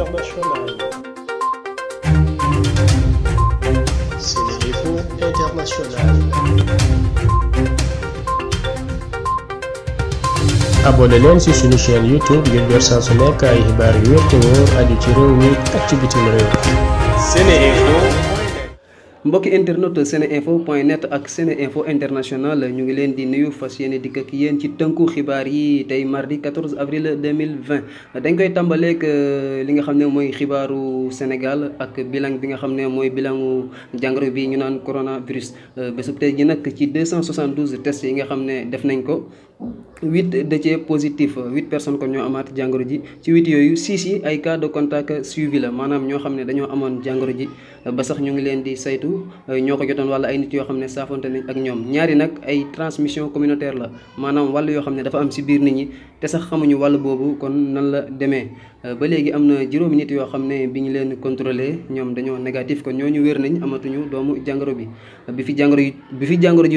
internationale. C'est l'info internationale. abonné leen ci suñu chaîne YouTube ngir jot saa su nekk ay xibaar yu wér te wóor aju ci réew mi ak ci bitim réew. Sénéinfo. mbokki internet seen info point net ak sene info international ñu ngi leen di nuyu fas yéene dikk ak yéen ci tënku xibaar yi tey mardi 14 avril 2020 dañ koy tàmbaleeg euh, li nga xam ne mooy xibaaru Sénégal ak bilan bi nga xam ne mooy bilangu jàngoro bi ñu naan coronavirus euh, bésub tey ji nag ci 272 tests yi nga xam ne def nañ ko huit décès positif huit personnes kon ñoo amaat jàngoro ji ci huit yooyu six yi ay cas contact suivi la maanaam ñoo xam ne dañoo amoon jàngoro ji ba sax ñu ngi leen di saytu ñoo ko jotoon walla ay nit yoo xam ne saafonte nañ ak ñoom ñaari nag ay transmission communautaire la maanaam wàll yoo xam ne dafa am si biir nit ñi te sax xamuñu wàll boobu kon nan la demee ba léegi am na juróomi nit yoo xam ne bi ñu leen contrôlé ñoom dañoo négatif kon ñooñu wér nañ amatuñu doomu jàngoro bi bi fi jàngoro ji bi fi jàngoro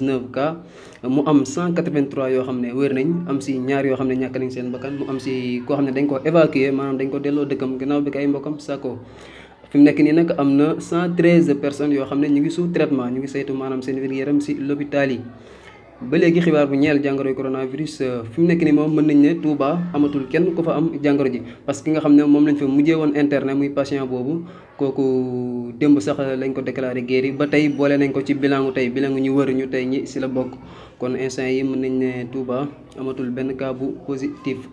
79 mu am 183 yoo xam ne wér nañ am si ñaar yoo xam ne ñàkk nañ seen bakkan mu am si koo xam ne dañ ko évacuer maanaam dañ ko delloo dëkkam gannaaw bi ko ay mbokkam sako fi mu nekk nii nag am na 113 personnes yoo xam ne ñu ngi sous traitement ñu ngi saytu maanaam seen wér-gu-yaram si l'hôpital yi ba léegi xibaar bu ñeel jàngoroy coronavirus euh, fi mu nekk ni moom mën nañ ne Touba amatul kenn ku fa am jàngoro ji parce que nga xam ne moom lañ fa mujjee woon internet muy patient boobu kooku démb sax lañ ko déclaré guéri ba tey boole nañ ko ci bilangu tey bilangu ñu wër ñu tey ñi si la bokk kon instant yi mën nañ ne Touba amatul benn cas bu positif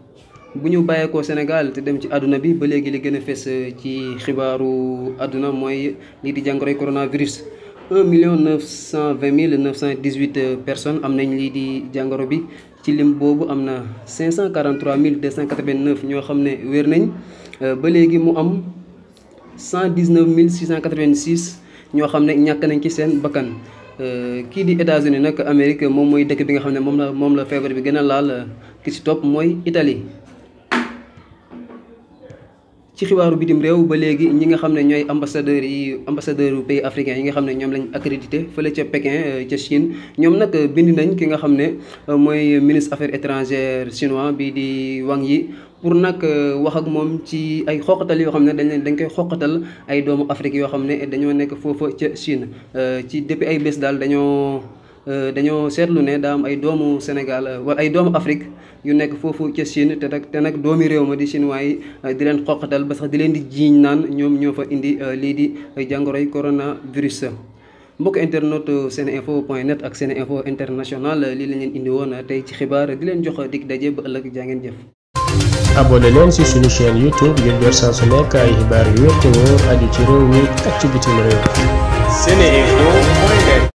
bu ñu bàyyeekoo Sénégal te dem ci àdduna bi ba léegi li gën a fës ci xibaaru àdduna mooy lii di jàngoroy coronavirus un million neuf cent vingt mille neuf cent dix huit euh, personnes am nañ lii di jàngoro bi ci lim boobu am na cinq cent quarante trois mille deux cent quatre vingt neuf ñoo xam ne wér nañ euh, ba léegi mu am cent dix neuf mille six cent quatre vingt six ñoo xam ne ñàkk nañ ci seen bakkan. Euh, kii di États-Unis nag Amérique moom mooy dëkk bi nga xam ne moom la moom la feebare bi gën a laal ki ci topp mooy Italie. ci xibaaru bitim réew ba léegi ñi nga xam ne ñooy ambassadeurs yi ambassadeurs yu pays africains yi nga xam ne ñoom lañu accrédité fële ca Pékin euh, ca Chine ñoom nag euh, bind nañ ki nga xam ne euh, mooy ministre affaire étrangères chinois bii di Wang Yi pour nag wax ak moom ci ay xoqatal yoo xam ne dañ leen dañ koy xoqatal ay doomu Afrique yoo xam ne dañoo nekk foofu ca Chine ci depuis ay bés daal dañoo Euh, dañoo seetlu ne daa am ay doomu Sénégal euh, wala ay doomu Afrique yu nekk foofu ca Chine te nag te nag doomi réew ma di chinois yi euh, di leen xoqatal ba sax di leen di jiiñ naan ñoom ñoo fa indi lii di jàngoroy coronavirus. mbokk internet seneinfo point net ak seneinfo international lii la leen indi woon tey ci xibaar di leen jox dig daje ba ëllëg jàngeen ngeen jëf. abonné lool ci suñu chaîne youtube ngir jot saa su nekk xibaar yu wér te wóor aju ci réew mi ak ci bitim réew.